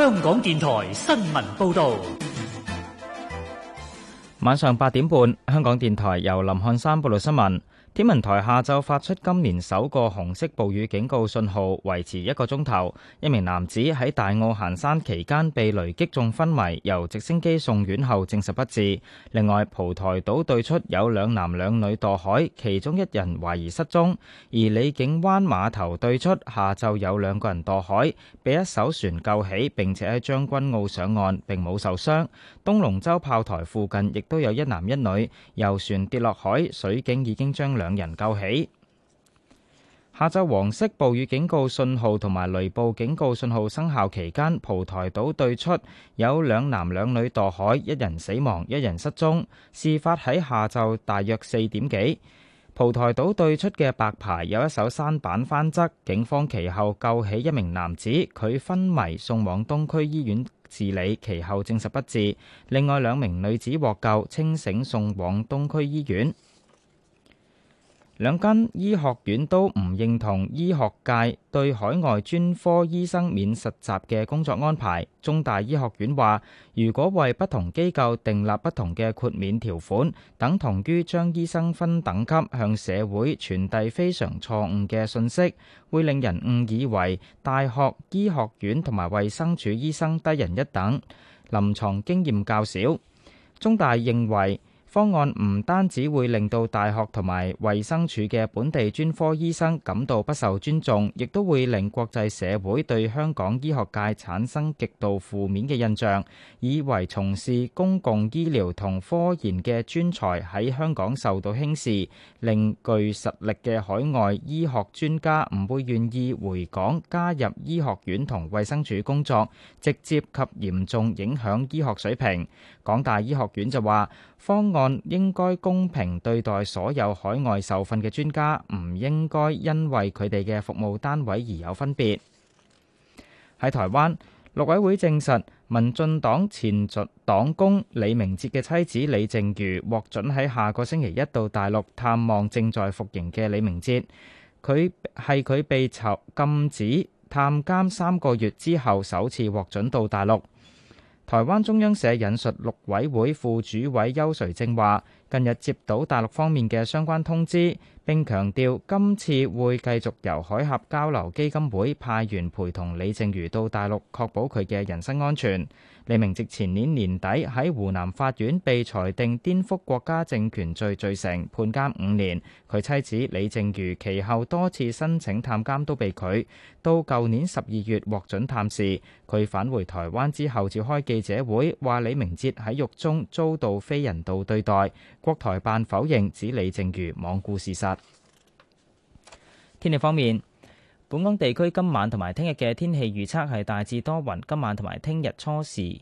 香港電台新聞報道，晚上八點半，香港電台由林漢山報道新聞。天文台下晝發出今年首個紅色暴雨警告信號，維持一個鐘頭。一名男子喺大澳行山期間被雷擊中昏迷，由直升機送院後證實不治。另外，蒲台島對出有兩男兩女墮海，其中一人懷疑失蹤。而鯉景灣碼頭對出下晝有兩個人墮海，被一艘船救起，並且喺將軍澳上岸，並冇受傷。東龍洲炮台附近亦都有一男一女遊船跌落海，水警已經將。兩人救起。下晝黃色暴雨警告信號同埋雷暴警告信號生效期間，蒲台島對出有兩男兩女墮海，一人死亡，一人失蹤。事發喺下晝大約四點幾，蒲台島對出嘅白牌有一艘山板翻側，警方其後救起一名男子，佢昏迷送往東區醫院治理，其後證實不治。另外兩名女子獲救，清醒送往東區醫院。兩間醫學院都唔認同醫學界對海外專科醫生免實習嘅工作安排。中大醫學院話：如果為不同機構訂立不同嘅豁免條款，等同於將醫生分等級，向社會傳遞非常錯誤嘅信息，會令人誤以為大學醫學院同埋衛生署醫生低人一等，臨床經驗較少。中大認為，方案唔單止會令到大學同埋衛生署嘅本地專科醫生感到不受尊重，亦都會令國際社會對香港醫學界產生極度負面嘅印象，以為從事公共醫療同科研嘅專才喺香港受到輕視，令具實力嘅海外醫學專家唔會願意回港加入醫學院同衛生署工作，直接及嚴重影響醫學水平。港大醫學院就話，方案應該公平對待所有海外受訓嘅專家，唔應該因為佢哋嘅服務單位而有分別。喺台灣，陸委會證實，民進黨前黨工李明哲嘅妻子李靜茹獲准喺下個星期一到大陸探望正在服刑嘅李明哲。佢係佢被囚禁止探監三個月之後，首次獲准到大陸。台灣中央社引述陸委會副主委邱垂正話：近日接到大陸方面嘅相關通知。並強調今次會繼續由海峽交流基金會派員陪同李淨瑜到大陸確保佢嘅人身安全。李明哲前年年底喺湖南法院被裁定顛覆國家政權罪罪成，判監五年。佢妻子李淨瑜其後多次申請探監都被拒，到舊年十二月獲准探視。佢返回台灣之後召開記者會，話李明哲喺獄中遭到非人道對待。國台辦否認，指李淨瑜罔顧事實。天氣方面，本港地區今晚同埋聽日嘅天氣預測係大致多雲。今晚同埋聽日初時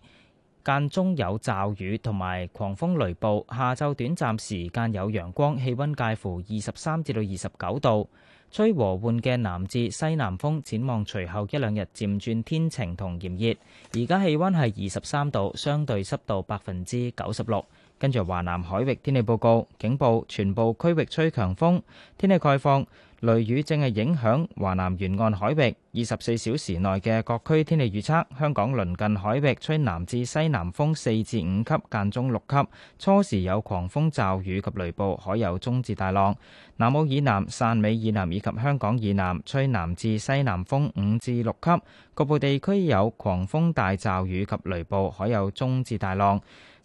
間中有驟雨同埋狂風雷暴，下晝短暫時間有陽光，氣溫介乎二十三至到二十九度，吹和緩嘅南至西南風。展望隨後一兩日，漸轉天晴同炎熱。而家氣溫係二十三度，相對濕度百分之九十六。跟住華南海域天氣報告，警報全部區域吹強風，天氣概況。雷雨正係影響華南沿岸海域。二十四小時內嘅各區天氣預測：香港鄰近海域吹南至西南風四至五級，間中六級，初時有狂風驟雨及雷暴，海有中至大浪。南澳以南、汕尾以南以及香港以南吹南至西南風五至六級，局部地區有狂風大驟雨及雷暴，海有中至大浪。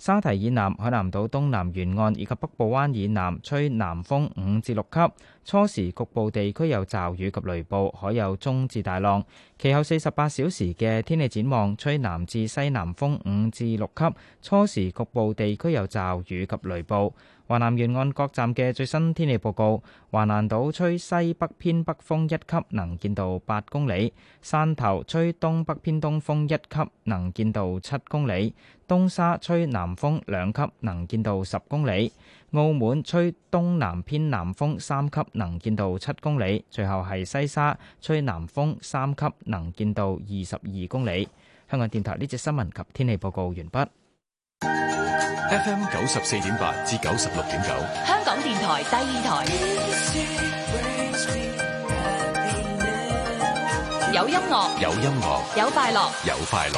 沙堤以南、海南島東南沿岸以及北部灣以南吹南風五至六級，初時局部地區有驟雨及雷暴，海有中至大浪。其後四十八小時嘅天氣展望，吹南至西南風五至六級，初時局部地區有驟雨及雷暴。華南沿岸各站嘅最新天氣報告：華南島吹西北偏北風一級，能見到八公里；汕頭吹東北偏東風一級，能見到七公里；東沙吹南風兩級，能見到十公里；澳門吹東南偏南風三級，能見到七公里；最後係西沙吹南風三級，能見到二十二公里。香港電台呢則新聞及天氣報告完畢。FM 九十四點八至九十六點九，香港電台第二台，音樂有音樂，有音樂，有快樂，有快樂。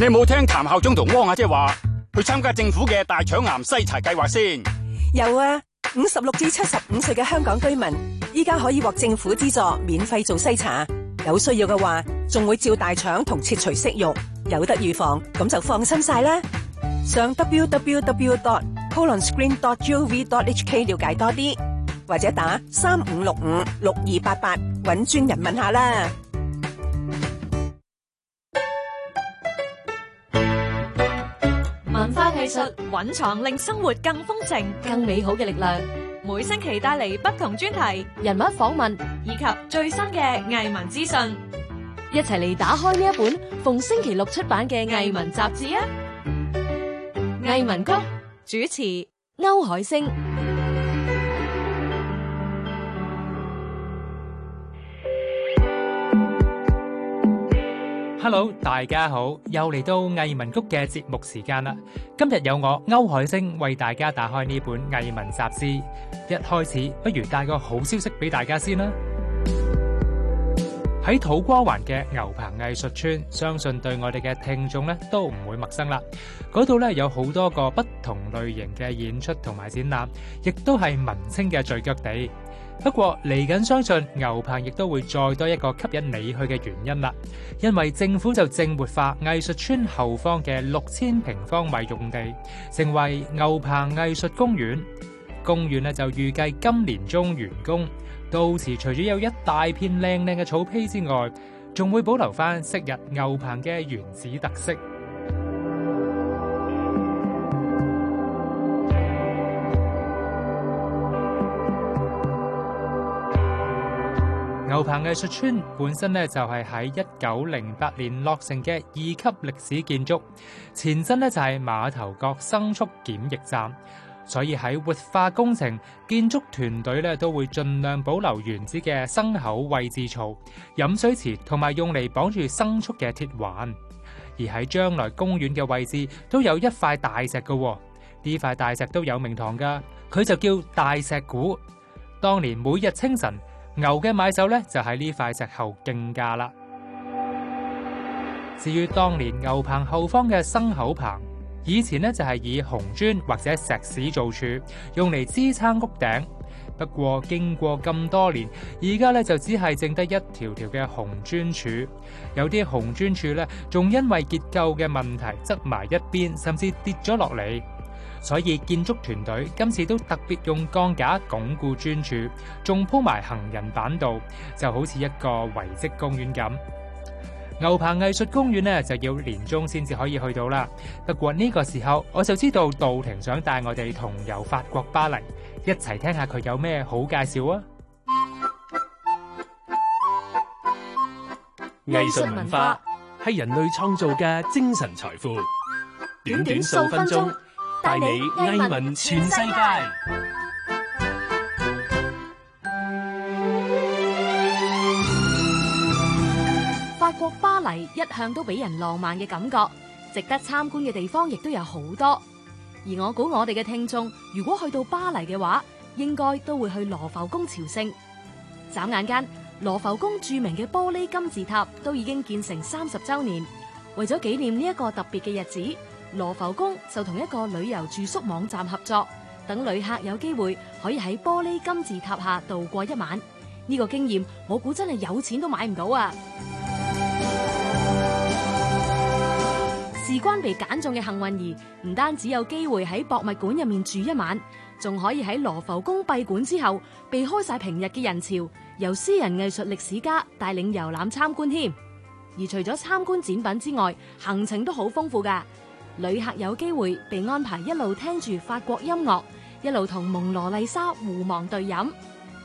你冇聽譚校長同汪阿姐話去參加政府嘅大腸癌篩查計劃先？有啊，五十六至七十五歲嘅香港居民依家可以獲政府資助免費做篩查，有需要嘅話仲會照大腸同切除息肉，有得預防，咁就放心晒啦。上 www.colonscreen.gov.hk 了解多啲，或者打三五六五六二八八搵專人問下啦。蘊藏令生活更豐盛、更美好嘅力量，每星期帶嚟不同專題、人物訪問以及最新嘅藝文資訊，一齊嚟打開呢一本逢星期六出版嘅藝文雜誌啊！藝文谷主持區凱聲。hello，大家好，又嚟到藝文谷嘅節目時間啦。今日有我區凱聲為大家打開呢本藝文雜誌，一開始不如帶個好消息俾大家先啦。喺土瓜灣嘅牛棚藝術村，相信對我哋嘅聽眾咧都唔會陌生啦。嗰度咧有好多個不同類型嘅演出同埋展覽，亦都係文青嘅聚腳地。不過嚟緊相信牛棚亦都會再多一個吸引你去嘅原因啦，因為政府就正活化藝術村後方嘅六千平方米用地，成為牛棚藝術公園。公園咧就預計今年中完工，到時除咗有一大片靚靚嘅草皮之外，仲會保留翻昔日牛棚嘅原始特色。牛棚藝術村本身咧就係喺一九零八年落成嘅二級歷史建築，前身咧就係馬頭角牲畜檢疫站，所以喺活化工程，建築團隊咧都會盡量保留原址嘅牲口位置槽、飲水池同埋用嚟綁住牲畜嘅鐵環，而喺將來公園嘅位置都有一塊大石嘅，呢塊大石都有名堂噶，佢就叫大石鼓，當年每日清晨，牛嘅買手咧就喺呢塊石後競價啦。至於當年牛棚後方嘅牲口棚，以前咧就係以紅磚或者石屎做柱，用嚟支撐屋頂。不過經過咁多年，而家咧就只係剩得一條條嘅紅磚柱，有啲紅磚柱咧仲因為結構嘅問題側埋一邊，甚至跌咗落嚟。所以建築團隊今次都特別用鋼架鞏固磚柱，仲鋪埋行人板道，就好似一個遺跡公園咁。牛棚藝術公園呢，就要年終先至可以去到啦。不過呢個時候，我就知道杜庭想帶我哋同遊法國巴黎，一齊聽下佢有咩好介紹啊！藝術文化係人類創造嘅精神財富，短短數分鐘。帶你民全世界。法國巴黎一向都俾人浪漫嘅感覺，值得參觀嘅地方亦都有好多。而我估我哋嘅聽眾，如果去到巴黎嘅話，應該都會去羅浮宮朝聖。眨眼間，羅浮宮著名嘅玻璃金字塔都已經建成三十周年，為咗紀念呢一個特別嘅日子。羅浮宮就同一個旅遊住宿網站合作，等旅客有機會可以喺玻璃金字塔下度過一晚。呢、這個經驗我估真係有錢都買唔到啊！ 事關被揀中嘅幸運兒，唔單止有機會喺博物館入面住一晚，仲可以喺羅浮宮閉館之後避開晒平日嘅人潮，由私人藝術歷史家帶領遊覽參觀添。而除咗參觀展品之外，行程都好豐富噶。旅客有機會被安排一路聽住法國音樂，一路同蒙羅麗莎互望對飲，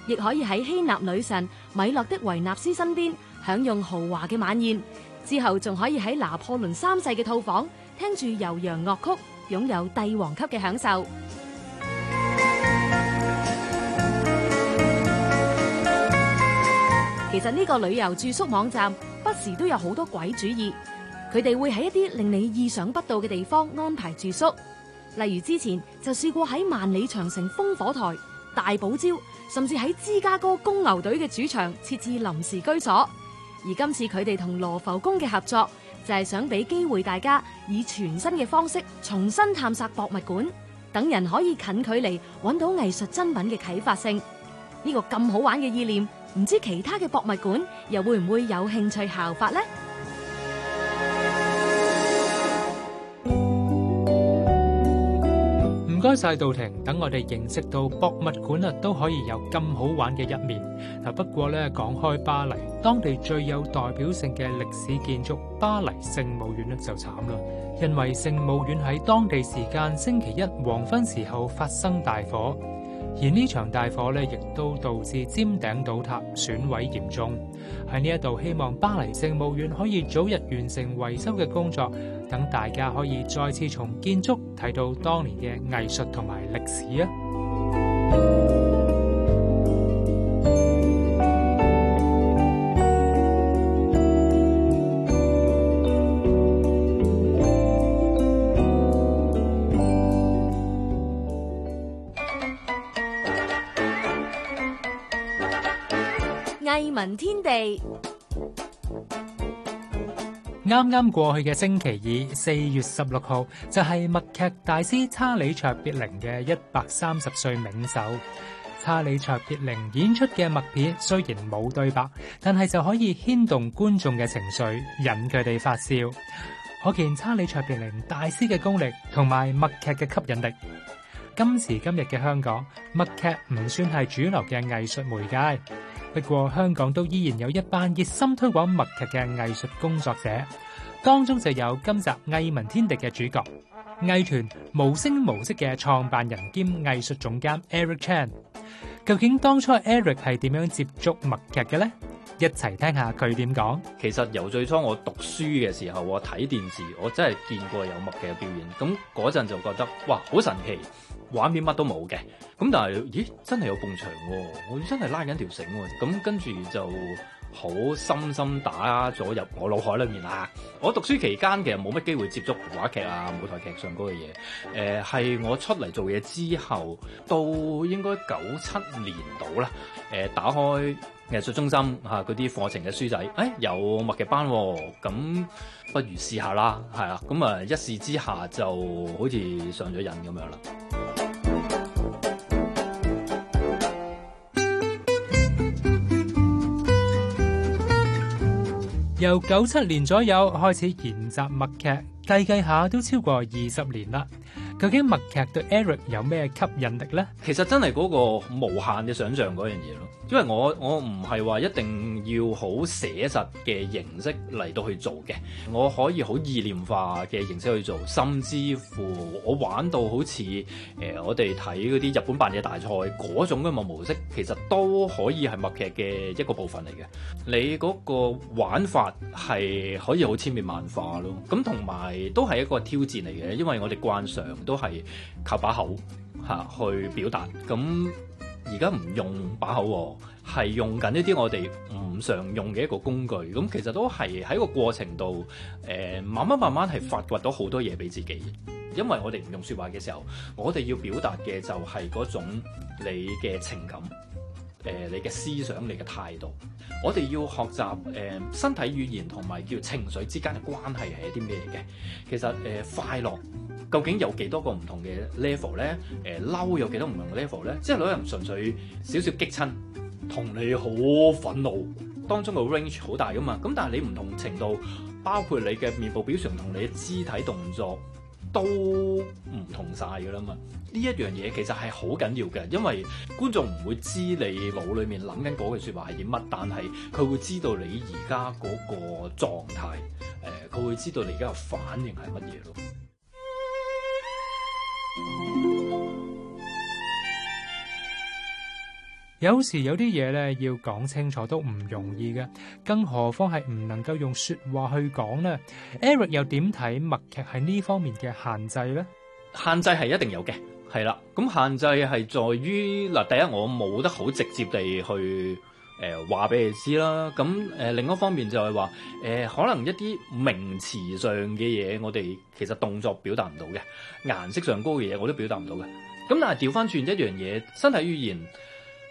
亦可以喺希臘女神米洛的維納斯身邊享用豪華嘅晚宴，之後仲可以喺拿破崙三世嘅套房聽住悠揚樂曲，擁有帝王級嘅享受。其實呢個旅遊住宿網站不時都有好多鬼主意。佢哋會喺一啲令你意想不到嘅地方安排住宿，例如之前就試過喺萬里長城烽火台、大堡礁，甚至喺芝加哥公牛隊嘅主場設置臨時居所。而今次佢哋同羅浮宮嘅合作，就係想俾機會大家以全新嘅方式重新探索博物館，等人可以近距離揾到藝術珍品嘅啟發性。呢個咁好玩嘅意念，唔知其他嘅博物館又會唔會有興趣效法呢？唔該晒道庭，等我哋認識到博物館啦，都可以有咁好玩嘅一面。嗱，不過咧，講開巴黎，當地最有代表性嘅歷史建築巴黎聖母院咧，就慘啦，因為聖母院喺當地時間星期一黃昏時候發生大火。而呢場大火咧，亦都導致尖頂倒塌，損毀嚴重。喺呢一度，希望巴黎聖母院可以早日完成維修嘅工作，等大家可以再次從建築睇到當年嘅藝術同埋歷史啊！天地啱啱，過去嘅星期二，四月十六號就係默劇大師查理卓別林嘅一百三十歲冥壽。查理卓別林演出嘅默片雖然冇對白，但係就可以牽動觀眾嘅情緒，引佢哋發笑。可見查理卓別林大師嘅功力同埋默劇嘅吸引力。今時今日嘅香港，默劇唔算係主流嘅藝術媒介。不過香港都依然有一班熱心推廣默劇嘅藝術工作者，當中就有今集《藝文天地》嘅主角藝團無聲模式嘅創辦人兼藝術總監 Eric Chan。究竟當初 Eric 係點樣接觸默劇嘅呢？一齊聽下佢點講。其實由最初我讀書嘅時候，我睇電視，我真係見過有默劇表演，咁嗰陣就覺得哇，好神奇。畫面乜都冇嘅，咁但係，咦，真係有埲牆喎！我真係拉緊條繩喎、啊，咁跟住就好深深打咗入我腦海裡面啦。我讀書期間其實冇乜機會接觸話劇啊、舞台劇上嗰嘅嘢，誒、呃、係我出嚟做嘢之後，到應該九七年度啦，誒、呃、打開藝術中心吓嗰啲課程嘅書仔，誒、哎、有默劇班、啊，咁不如試下啦，係啊，咁啊一試之下就好似上咗癮咁樣啦。由九七年左右開始研習默劇，計計下都超過二十年啦。究竟默劇對 Eric 有咩吸引力咧？其實真係嗰個無限嘅想象嗰樣嘢咯。因為我我唔係話一定要好寫實嘅形式嚟到去做嘅，我可以好意念化嘅形式去做，甚至乎我玩到好似誒、呃、我哋睇啲日本扮嘢大賽種嘅模式，其實都可以係默劇嘅一個部分嚟嘅。你嗰個玩法係可以好千變萬化咯。咁同埋都係一個挑戰嚟嘅，因為我哋慣常都。都係靠把口吓去表達，咁而家唔用把口，係用緊一啲我哋唔常用嘅一個工具，咁其實都係喺個過程度，誒、呃，慢慢慢慢係發掘到好多嘢俾自己。因為我哋唔用說話嘅時候，我哋要表達嘅就係嗰種你嘅情感，誒、呃，你嘅思想，你嘅態度，我哋要學習，誒、呃，身體語言同埋叫情緒之間嘅關係係一啲咩嘅？其實，誒、呃，快樂。究竟有幾多個唔同嘅 level 咧？誒、呃、嬲有幾多唔同嘅 level 咧？即係女人純粹少少激親，同你好憤怒，當中嘅 range 好大噶嘛。咁但係你唔同程度，包括你嘅面部表情同你嘅肢體動作都唔同晒噶啦嘛。呢一樣嘢其實係好緊要嘅，因為觀眾唔會知你腦裏面諗緊嗰句説話係點乜，但係佢會知道你而家嗰個狀態，佢、呃、會知道你而家嘅反應係乜嘢咯。有時有啲嘢，咧要講清楚都唔容易嘅，更何況係唔能夠用說話去講呢？Eric 又點睇默劇喺呢方面嘅限制呢？限制係一定有嘅，係啦。咁限制係在於嗱，第一我冇得好直接地去。誒話俾你知啦，咁、嗯、誒、呃、另一方面就係話，誒、呃、可能一啲名詞上嘅嘢，我哋其實動作表達唔到嘅，顏色上高嘅嘢我都表達唔到嘅。咁但係調翻轉一樣嘢，身體語言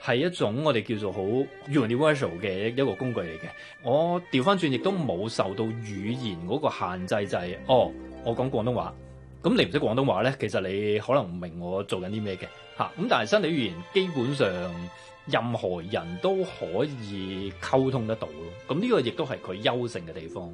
係一種我哋叫做好 universal 嘅一個工具嚟嘅。我調翻轉亦都冇受到語言嗰個限制，就是，就係哦，我講廣東話，咁你唔識廣東話咧，其實你可能唔明我做緊啲咩嘅嚇。咁、嗯、但係身體語言基本上，任何人都可以溝通得到咯，咁、這、呢個亦都係佢優勝嘅地方。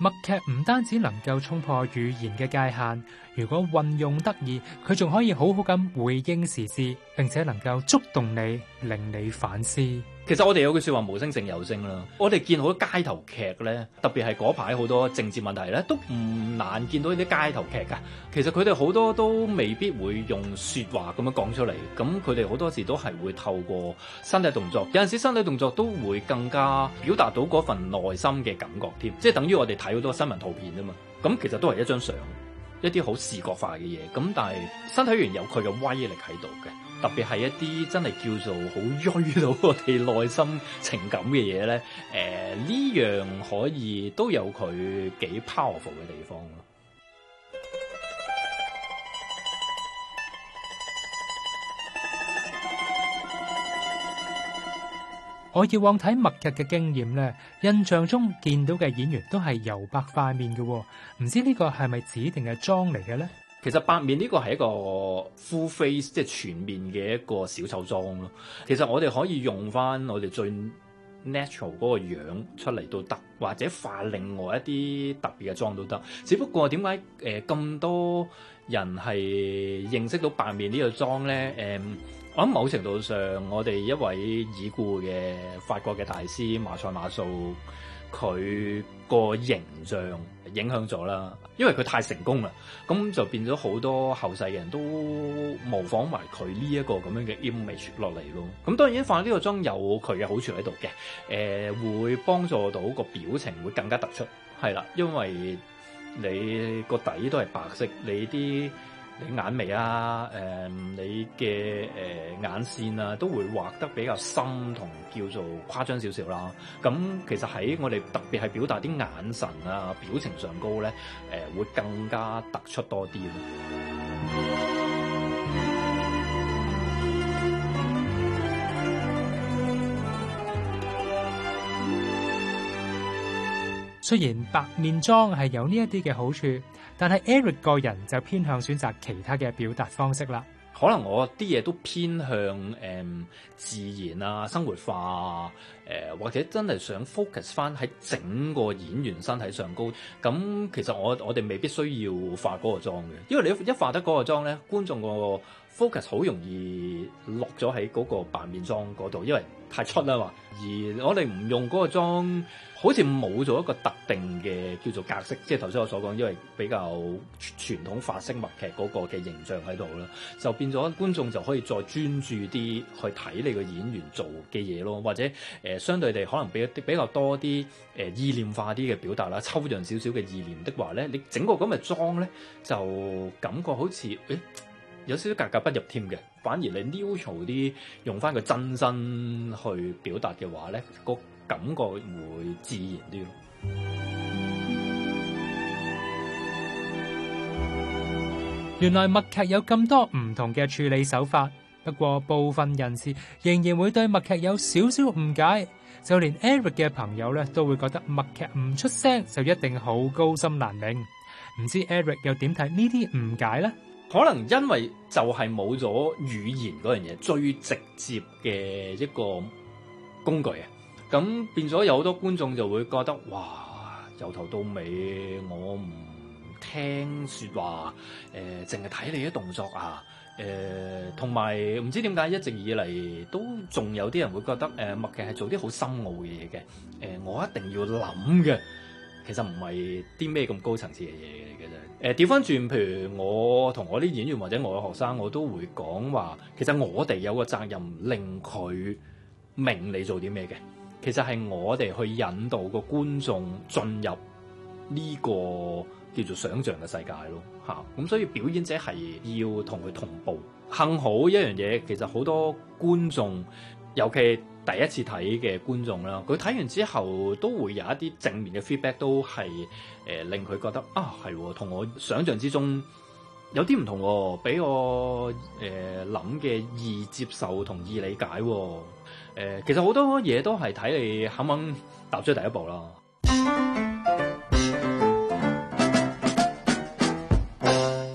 默劇唔單止能夠衝破語言嘅界限，如果運用得宜，佢仲可以好好咁回應時事，並且能夠觸動你，令你反思。其實我哋有句說話無聲勝有聲啦。我哋見好多街頭劇咧，特別係嗰排好多政治問題咧，都唔難見到呢啲街頭劇噶。其實佢哋好多都未必會用說話咁樣講出嚟，咁佢哋好多時都係會透過身體動作。有陣時身體動作都會更加表達到嗰份內心嘅感覺添，即係等於我哋睇好多新聞圖片啊嘛。咁其實都係一張相，一啲好視覺化嘅嘢。咁但係身體語言有佢嘅威力喺度嘅。特別係一啲真係叫做好衰到我哋內心情感嘅嘢咧，誒、呃、呢樣可以都有佢幾 powerful 嘅地方咯。我以往睇默劇嘅經驗咧，印象中見到嘅演員都係油白塊面嘅喎，唔知呢個係咪指定嘅妝嚟嘅咧？其實白面呢個係一個 full face，即係全面嘅一個小丑妝咯。其實我哋可以用翻我哋最 natural 嗰個樣出嚟都得，或者化另外一啲特別嘅妝都得。只不過點解誒咁多人係認識到白面個妝呢個妝咧？誒，我諗某程度上我哋一位已故嘅法國嘅大師馬賽馬素，佢個形象影響咗啦。因為佢太成功啦，咁就變咗好多後世嘅人都模仿埋佢呢一個咁樣嘅 image 落嚟咯。咁當然放喺呢個妝有佢嘅好處喺度嘅，誒、呃、會幫助到個表情會更加突出，係啦，因為你個底都係白色，你啲。你眼眉啊，誒、呃、你嘅誒、呃、眼線啊，都會畫得比較深同叫做誇張少少啦。咁、啊、其實喺我哋特別係表達啲眼神啊、表情上高咧，誒、呃、會更加突出多啲咯。雖然白面妝係有呢一啲嘅好處，但係 Eric 個人就偏向選擇其他嘅表達方式啦。可能我啲嘢都偏向誒、嗯、自然啊，生活化啊。誒或者真係想 focus 翻喺整個演員身體上高，咁其實我我哋未必需要化嗰個妝嘅，因為你一化得嗰個妝咧，觀眾個 focus 好容易落咗喺嗰個白面妝嗰度，因為太出啦嘛。而我哋唔用嗰個妝，好似冇咗一個特定嘅叫做格式，即係頭先我所講，因為比較傳統法式默劇嗰個嘅形象喺度啦，就變咗觀眾就可以再專注啲去睇你個演員做嘅嘢咯，或者誒。呃相對地，可能比一啲比較多啲誒、呃、意念化啲嘅表達啦，抽象少少嘅意念的話咧，你整個咁嘅妝咧，就感覺好似誒、哎、有少少格格不入添嘅。反而你 neutral 啲，用返個真身去表達嘅話咧，個感覺會自然啲。原來默劇有咁多唔同嘅處理手法。不過部分人士仍然會對默劇有少少誤解，就連 Eric 嘅朋友咧都會覺得默劇唔出聲就一定好高深難明。唔知 Eric 又點睇呢啲誤解咧？可能因為就係冇咗語言嗰樣嘢最直接嘅一個工具啊，咁變咗有好多觀眾就會覺得，哇，由頭到尾我唔聽說話，誒，淨係睇你啲動作啊。誒，同埋唔知點解一直以嚟都仲有啲人會覺得誒，默劇係做啲好深奧嘅嘢嘅。誒，我一定要諗嘅，其實唔係啲咩咁高層次嘅嘢嚟嘅啫。誒，調翻轉，譬如我同我啲演員或者我嘅學生，我都會講話，其實我哋有個責任令佢明你做啲咩嘅。其實係我哋去引導個觀眾進入呢個。叫做想象嘅世界咯，吓、啊、咁所以表演者係要同佢同步。幸好一樣嘢，其實好多觀眾，尤其第一次睇嘅觀眾啦，佢睇完之後都會有一啲正面嘅 feedback，都係誒、呃、令佢覺得啊，係同我想象之中有啲唔同，俾我誒諗嘅易接受同易理解。誒、呃，其實好多嘢都係睇你肯唔肯踏出第一步啦。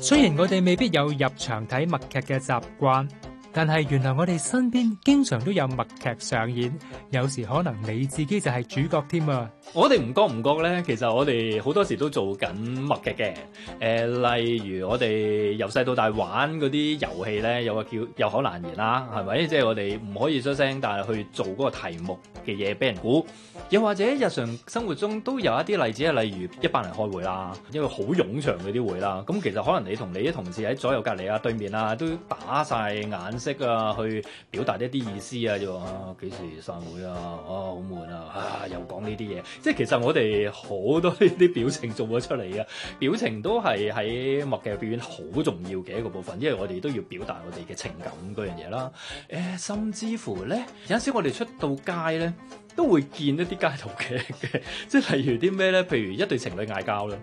雖然我哋未必有入場睇默劇嘅習慣。但係原來我哋身邊經常都有默劇上演，有時可能你自己就係主角添啊！我哋唔覺唔覺呢？其實我哋好多時都做緊默劇嘅。誒、呃，例如我哋由細到大玩嗰啲遊戲呢，有個叫有口難言啦，係咪？即係我哋唔可以出聲，但係去做嗰個題目嘅嘢俾人估。又或者日常生活中都有一啲例子，例如一班人開會啦，因為好冗長嗰啲會啦。咁其實可能你同你啲同事喺左右隔籬啊、對面啊，都打晒眼。識啊，去表達一啲意思啊，就幾時散會啊，啊好悶啊，啊又講呢啲嘢，即係其實我哋好多呢啲表情做咗出嚟嘅，表情都係喺默劇表演好重要嘅一個部分，因為我哋都要表達我哋嘅情感嗰樣嘢啦。誒、呃，甚至乎咧，有陣時我哋出到街咧，都會見一啲街頭劇嘅，即係例如啲咩咧，譬如一對情侶嗌交啦，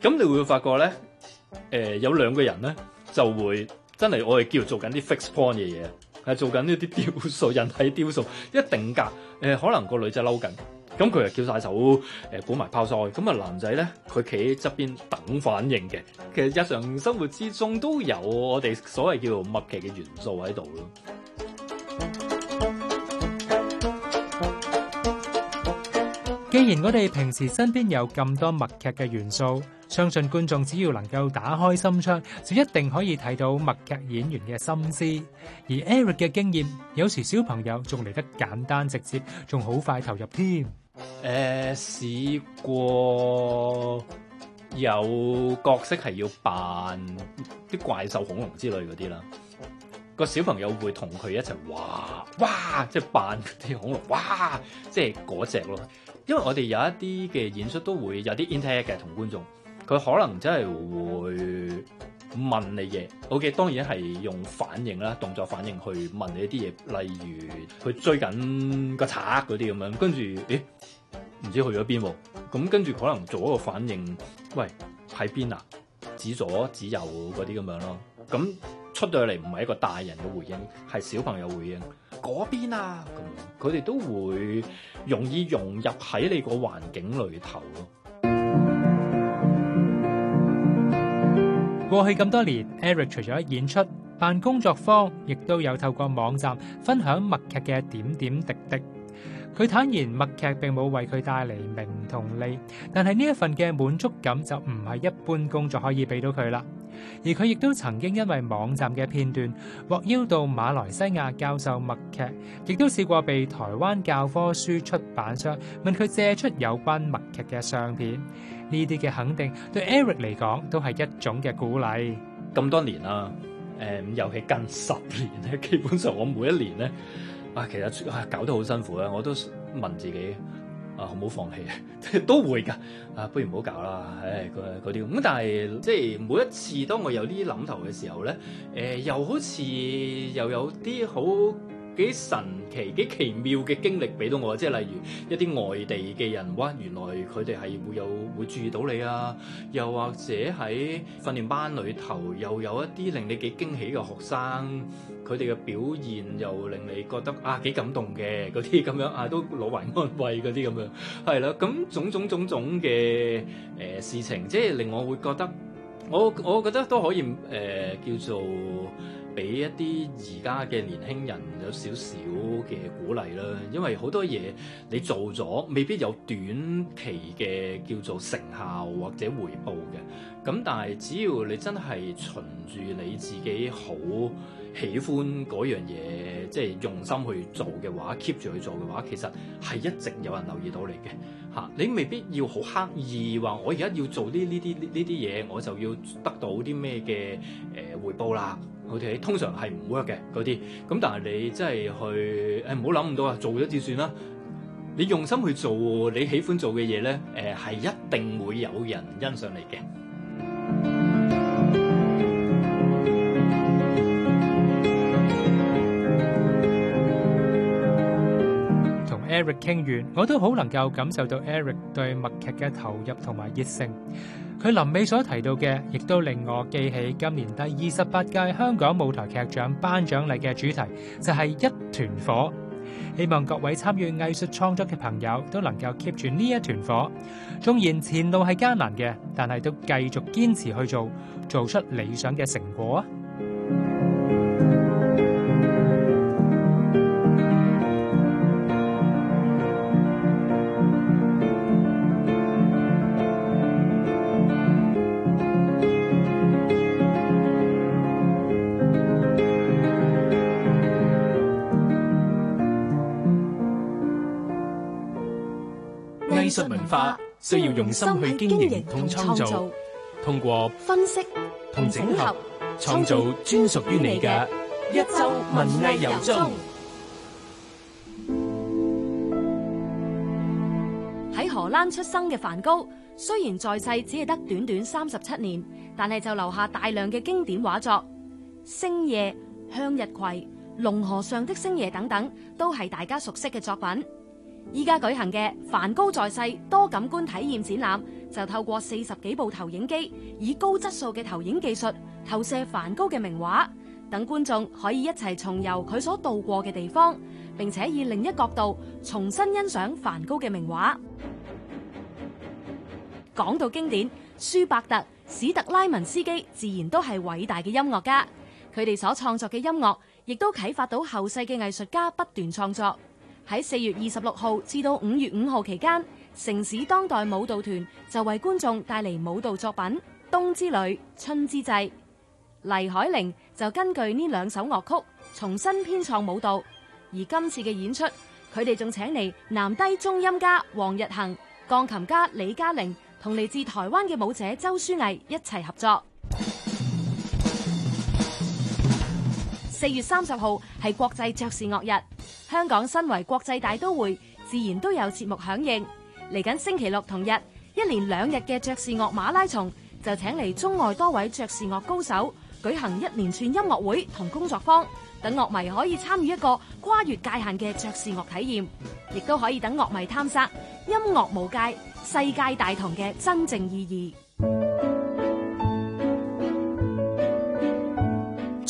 咁你會發覺咧，誒、呃、有兩個人咧就會。真係我哋叫做做緊啲 fixed point 嘅嘢，係做緊呢啲雕塑、人體雕塑，一定格。誒、呃，可能個女仔嬲緊，咁、嗯、佢就叫晒手，誒、呃，谷埋泡腮。咁、嗯、啊，男仔咧，佢企喺側邊等反應嘅。其實日常生活之中都有我哋所謂叫做默劇嘅元素喺度咯。既然我哋平時身邊有咁多默劇嘅元素，相信觀眾只要能夠打開心窗，就一定可以睇到默劇演員嘅心思。而 Eric 嘅經驗，有時小朋友仲嚟得簡單直接，仲好快投入添。誒，試過有角色係要扮啲怪獸、恐龍之類嗰啲啦。個小朋友會同佢一齊哇哇，即係扮啲恐龍，哇即係嗰隻咯。因為我哋有一啲嘅演出都會有啲 interact 嘅同觀眾。佢可能真係會問你嘢。OK，當然係用反應啦，動作反應去問你一啲嘢，例如佢追緊個賊嗰啲咁樣，跟住，咦，唔知去咗邊喎？咁跟住可能做一個反應，喂，喺邊啊？指左指右嗰啲咁樣咯，咁出到嚟唔係一個大人嘅回應，係小朋友回應，嗰邊啊？咁樣佢哋都會容易融入喺你個環境裡頭咯。過去咁多年，Eric 除咗演出，辦工作坊，亦都有透過網站分享默劇嘅點點滴滴。佢坦言，默劇並冇為佢帶嚟名同利，但係呢一份嘅滿足感就唔係一般工作可以俾到佢啦。而佢亦都曾經因為網站嘅片段獲邀到馬來西亞教授默劇，亦都試過被台灣教科書出版商問佢借出有關默劇嘅相片。呢啲嘅肯定對 Eric 嚟講都係一種嘅鼓勵。咁多年啦，誒、嗯，尤其近十年咧，基本上我每一年咧啊，其實搞得好辛苦啊，我都問自己。啊！好唔好放棄啊！ 都會㗎啊，不如唔好搞啦。唉、哎，嗰啲咁。但係，即係每一次當我有呢啲諗頭嘅時候咧，誒、呃、又好似又有啲好，幾神奇、幾奇妙嘅經歷俾到我，即係例如一啲外地嘅人，哇！原來佢哋係會有會注意到你啊，又或者喺訓練班裏頭又有一啲令你幾驚喜嘅學生，佢哋嘅表現又令你覺得啊幾感動嘅嗰啲咁樣啊，都老懷安慰嗰啲咁樣，係啦，咁、啊、種種種種嘅誒、呃、事情，即係令我會覺得，我我覺得都可以誒、呃、叫做。俾一啲而家嘅年輕人有少少嘅鼓勵啦，因為好多嘢你做咗未必有短期嘅叫做成效或者回報嘅。噉但係，只要你真係循住你自己好。喜歡嗰樣嘢，即係用心去做嘅話，keep 住去做嘅話，其實係一直有人留意到你嘅嚇、啊。你未必要好刻意話，我而家要做啲呢啲呢啲嘢，我就要得到啲咩嘅誒回報啦。我、啊、哋通常係唔 work 嘅嗰啲。咁但係你即係去誒，唔好諗咁多啊，做咗至算啦。你用心去做你喜歡做嘅嘢咧，誒、呃、係一定會有人欣賞你嘅。Eric 傾完，我都好能夠感受到 Eric 對默劇嘅投入同埋熱誠。佢臨尾所提到嘅，亦都令我記起今年第二十八屆香港舞台劇獎頒獎禮嘅主題，就係一團火。希望各位參與藝術創作嘅朋友都能夠 keep 住呢一團火。縱然前路係艱難嘅，但係都繼續堅持去做，做出理想嘅成果啊！文化需要用心去經營同創造，通過分析同整合，創造專屬於你嘅一周文藝遊蹤。喺荷蘭出生嘅梵高，雖然在世只係得短短三十七年，但係就留下大量嘅經典畫作，《星夜》、《向日葵》、《龍河上的星夜》等等，都係大家熟悉嘅作品。依家舉行嘅《梵高在世》多感官體驗展覽，就透過四十幾部投影機，以高質素嘅投影技術投射梵高嘅名畫，等觀眾可以一齊重遊佢所度過嘅地方，並且以另一角度重新欣賞梵高嘅名畫。講到經典，舒伯特、史特拉文斯基自然都係偉大嘅音樂家，佢哋所創作嘅音樂亦都啟發到後世嘅藝術家不斷創作。喺四月二十六號至到五月五號期間，城市當代舞蹈團就為觀眾帶嚟舞蹈作品《冬之旅》《春之祭》。黎海寧就根據呢兩首樂曲重新編創舞蹈，而今次嘅演出，佢哋仲請嚟男低中音家黃日恒、鋼琴家李嘉玲同嚟自台灣嘅舞者周書毅一齊合作。四月三十號係國際爵士樂日，香港身為國際大都會，自然都有節目響應。嚟緊星期六同日，一連兩日嘅爵士樂馬拉松，就請嚟中外多位爵士樂高手，舉行一連串音樂會同工作坊，等樂迷可以參與一個跨越界限嘅爵士樂體驗，亦都可以等樂迷探索音樂無界、世界大同嘅真正意義。